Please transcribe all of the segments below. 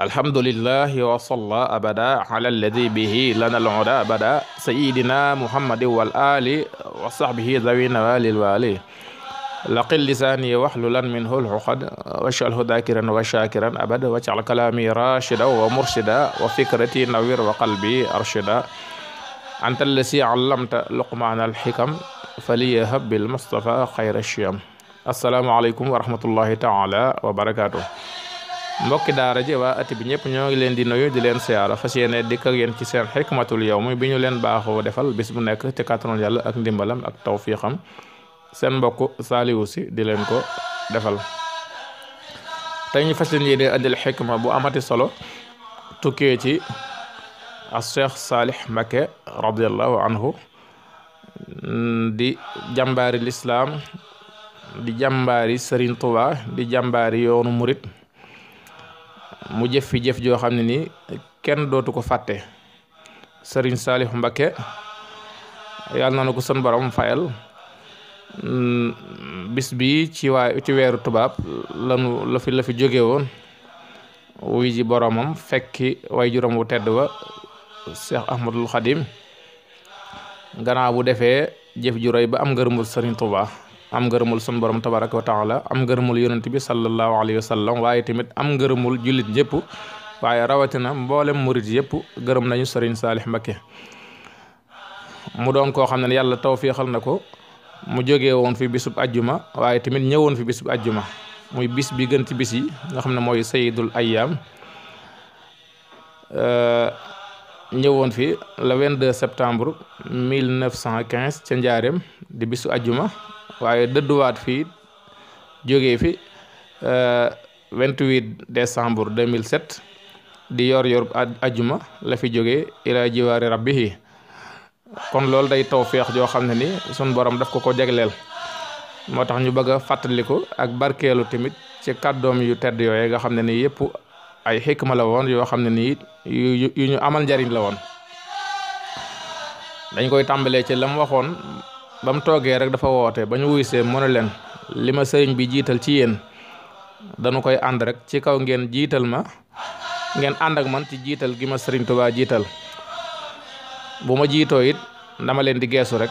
alhamdulillahi wa salla abada ala alladi bihi lana alhuda abada sayidina muhammadi wal ali wa sahbihi zawina walil wali laqil lisaani waxlulan minhu lxuqad wacalhu dakiran wa shakiran abad wacal kalaami rachida wa murshida wa fikrati nawir wa qalbi arshida anta allasi allamta luqmaana alxikam faliyahab bilmustafa xayra shiyam assalaamu aleykum wa rahmatullahi taala wa barakatuh mbokki daara ji waa ati bi ñëpp ñoo ngi leen di nuyu di leen siyaara fas yéene dikk ak yéen ci seen xikmatul yawmi bi ñu leen baaxoo defal bis bu nekk ci kàttanul yàlla ak ndimbalam ak tawfiixam seen mbokk Saliou si di leen ko defal te ñu fas yéene andil xikma bu amati solo tukkee ci a Cheikh Salih Mbacké radiallahu anhu di jàmbaari lislaam di jàmbaari Serigne Touba di jàmbaari yoonu murit mu jëf fi jëf joo xam ne nii kenn dootu ko fàtte sëriñ Saalif mbake yàlla na na ko sën borom fayal mm, bis bi ci weeru tubaab lanu la fi jóge woon wuy ji boromam fekki way juróom wu tedd wa Cheikh Ahmadul Xadim gannaaw bu defee jëf ju ba am ngërëmul sëriñ tubaa am ngërëmul sun borom tabaraka wa taala am ngërëmul yonent bi sallallahu alayhi wa sallam waaye tamit am ngërëmul jullit yëpp waaye rawatina mboolem murit yëpp gërëm nañu sëriñ Saalix Mbakke mu doon koo xam ne yàlla taw tawfiixal na ko mu jógee woon fi bisub ajjuma waaye tamit ñëwoon fi bisub ajjuma muy bis bi gën ci bis nga xam ne mooy sayidul ayyaam ñëwoon fi le 22 septembre 1915 ci Njaareem di bisu ajjuma waaye dëdduwaat fii jóge fi 28 euh, décembre 2007 di yor yor ajuma la fi jógee ila jiwaari rabbihi kon loolu day taw feex joo xam ne ni sun borom daf ko ko jagleel moo tax ñu bëgg a fàttaliku ak barkeelu tamit ci kàddoom yu tedd yooye nga xam ne ni yëpp ay xikma la woon yoo xam ne nii yu ñu amal njariñ la woon dañ koy tàmbalee ci lam waxoon ba mu toogee rek dafa woote ba ñu wuysee mu ne leen li ma sëriñ bi jiital ci yéen dañu koy ànd rek ci kaw ngeen jiital ma ngeen ànd ak man ci jiital gi ma sëriñ Tuubaa jiital bu ma jiitoo it dama leen di geesu rek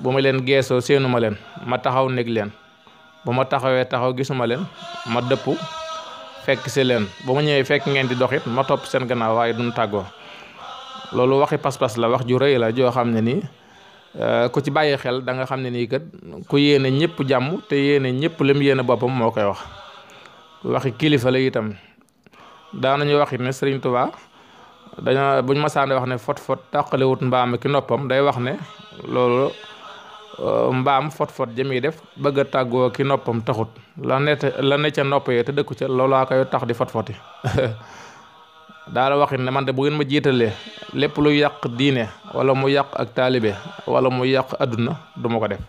bu ma leen geesoo séenu leen ma taxaw néeg leen bu ma taxawee taxaw gisuma leen ma dëpp fekk si leen bu ma ñëwee fekk ngeen di doxit ma topp seen gannaaw waaye duñ tàggoo loolu waxi pas-pas la wax ju rëy la joo xam ne nii Euh, ku ci bàyyi xel danga xam ne nii kat ku yéene ñëpp jàmm te yéene ñëpp lim yéene boppam moo koy wax waxi kilifa la itam daanañu wax it ne Sëriñ Tuubaa dañoo buñ masaande wax ne fot fot tàqalewut mbaam ki noppam day wax ne loolu euh, mbaam fot fot jëmi def bëgg a tàggoo ki noppam taxut la net la ne ca nopp yee te dëkku ca loolaa koy tax di fot foti daala waxin ne man de bu ngeen ma jiitalee lépp lu yàq diine wala mu yàq ak taalibe wala mu yàq adduna duma ko def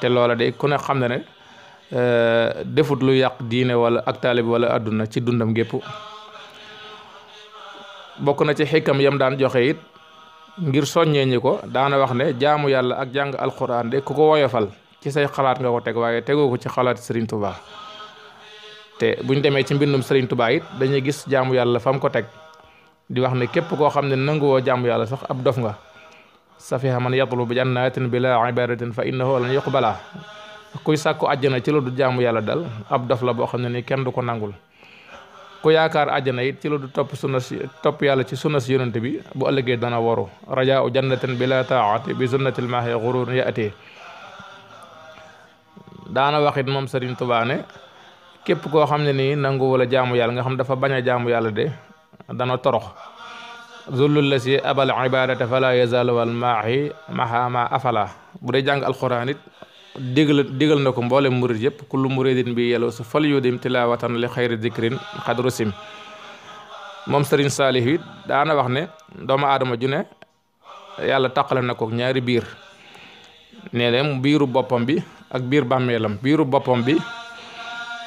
te loola de ku ne xam na ne euh, defut lu yàq diine wala ak taalibe wala adduna ci dundam gépp bokk na ci xikam yam daan joxe it ngir soññee ñi ko daana wax ne jaamu yàlla ak jàng alquran de ku ko woyofal ci say xalaat nga ko teg waaye tegoo ko ci xalaat Serigne Touba. te bu ñu demee ci mbindum Serigne Touba it dañuy gis jaamu yàlla fam ko teg di wax ne képp koo xam ne nanguwoo jaamu yàlla sax ab dof nga safiha man yatlubu jannatin bila ibadatin fa innahu lan yuqbala kuy sàkku àjjana ci lu du jaamu yàlla dal ab dof la boo xam ne nii kenn du ko nangul ku yaakaar àjjana it ci lu du topp sunna topp yàlla ci sunna si yonante bi bu ëllëgee dana waru rajaa u jannatin bila taati bi sunnatil maahi gurur yaati daana waxit moom Serigne Touba ne képp koo xam ne nii nangu wala jaamu yàlla nga xam dafa bañ a jaamu yàlla de dana torox zullul la si abal ibadata fala yazalwal maahi mahama afala bu dee jàng alxuraan it digal digal na ko mboole murid yépp kullu muridin bi yello su fal yudim tilawatan li xayri dikrin xadru sim moom sëriñ saalih it daana wax ne doomu aadama ju ne yàlla taqale na ko ñaari biir nee na biiru boppam bi ak biir bàmmeelam biiru boppam bi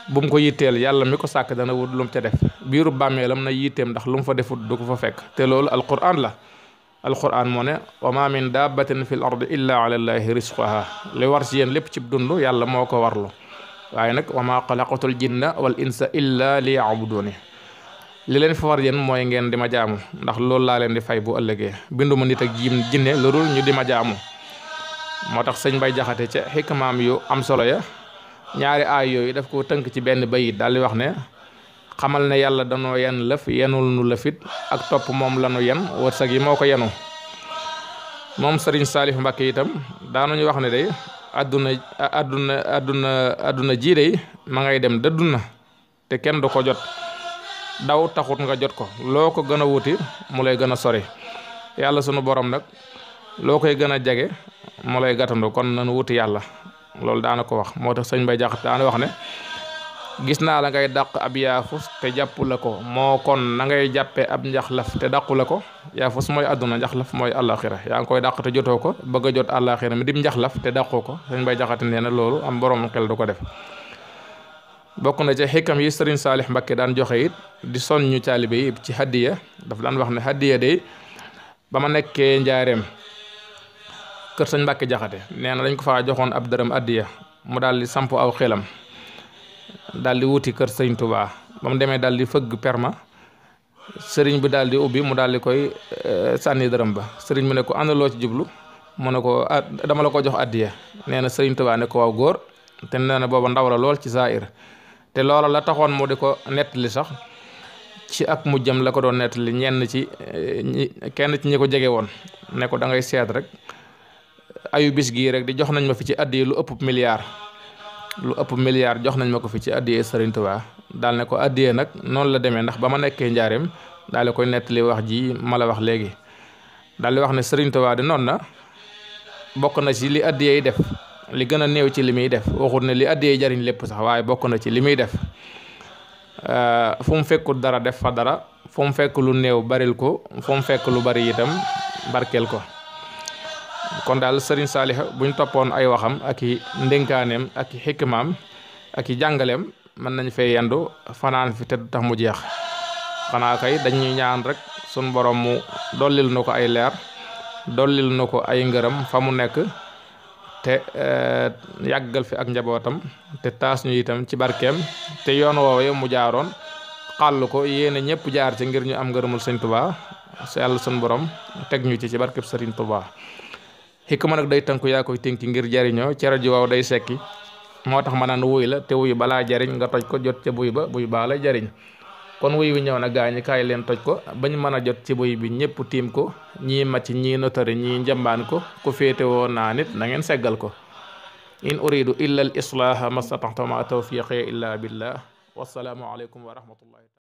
bu ko yitteel yàlla mi ko sàkk dana wut lu mu ca def biiru bàmmeelam na yitteem ndax lu mu fa defut du ko fa fekk te loolu alquran la al alquran moo ne wa ma daa dabbatin fi l ard illa ala llahi li war si yéen lépp cib dund yàlla moo ko warlu waaye nag wa ma xalaqatul jinna wal insa illa li yaabuduni li leen fa war yéen mooy ngeen di ma jaamu ndax loolu laa leen di fay boo ëllëgee bindu ma nit ak jiim jinne lu dul ñu di ma jaamu moo tax sëñ bay jaxate ca xikmaam yu am solo ya ñaari aay yooyu daf ko tënk ci benn bayit daal di wax ne xamal ne yàlla danoo yan lëf yenul nu lëfit ak topp moom lanu yan wërsëg yi moo ko yenu moom sëriñ Saalif Mbàkke daa daanañu wax ne day àdduna àdduna àdduna àdduna jii day ma ngay dem dëddu na te kenn du ko jot daw taxut nga jot ko loo ko gën a wuti mu lay gën a sori yàlla sunu borom nag loo koy gën a jege mu lay gàttandu kon nanu wuti yàlla loolu daana ko wax moo tax sëñ ba Jaxate daana wax ne gis naa la ngay dàq ab yaafus te jàppu la ko moo kon na ngay jàppee ab njaxlaf te dàqu la ko yaafus mooy àdduna njaxlaf mooy àllaaxira yaa ngi koy dàq te jotoo ko bëgg jot àllaaxira mi dim njaxlaf te dàqu ko sëñ Mbay Jaxate nee na loolu am boroom xel du ko def bokk na ca xikam yi sëriñ Saalix Mbakke daan joxe it di son ñu taalibe yi ci hadiya daf daan wax ne hadiya day ba ma nekkee kër sëñ Mbàkke Jaxate nee na dañ ko faa joxoon ab dërëm addiya mu daal di samp aw xelam daal di wuti kër sëñ Touba ba mu demee daal di fëgg perma sëriñ bi daal di ubbi mu daal di koy eh, sànni dërëm ba sëriñ bi ne ko ànd loo ci jublu mu ne ko ah, dama la ko jox addiya nee na sëriñ ne ko góor te nee na booba ndaw la lool ci saa saahir te loola la taxoon mu di ko nettali sax ci ak mujjam la ko doon nettali ñenn ci eh, kenn ci ñi ko jege woon ne ko da ngay seet rek. ayu bis gii rek di jox nañ ma fi ci addiye lu ëpp milliard lu ëpp milliard jox nañ ma ko fi ci addiye Serigne dal ne ko addiye nag noonu la demee ndax ba ma nekkee njaareem daal di koy nettali wax ji ma la wax léegi daal di wax ne Serigne Touba di noonu na bokk na ci li addiye def li gën a néew ci li muy def waxut ne li addiye jariñ lépp sax waaye bokk na ci li muy def euh, fu mu fekkul dara def fa dara fu mu fekk lu néew baril ko fu mu fekk lu bari itam barkeel ko kon daal sëriñ Saliou bu ñu toppoon ay waxam ak i ndénkaaneem ak i xikmaam ak i jàngaleem mën nañ fee yendu fanaan fi te du tax mu jeex xanaa kay dañuy ñaan rek suñ boroom mu dollil na ko ay leer dollil na ko ay ngërëm fa mu nekk te eh, yàggal fi ak njabootam te taas ñu itam ci barkeem te yoon woowee mu jaaroon xàll ko yéene ñëpp jaar ci ngir ñu am ngërëmul sëñ Touba yàlla sun borom teg ñu ci ci barkeb sëriñ Touba ma nag day tënku yaa koy tënki ngir jariñoo cere ju waw day sekki moo tax ma naan wuy la te wuy balaa jariñ nga toj ko jot ca buy ba buy baa la jariñ kon wuy wi ñëw na gaañi kaay leen toj ko bañ mën a jot ci buy bi ñëpp tiim ko ñii màcc ñii notari ñii njambaan ko ku féete woon naa nit na ngeen seggal ko in uridu illa al islaaha mastata'tu ma tawfiqi illa billah wassalaamu aleykum wa rahmatullahi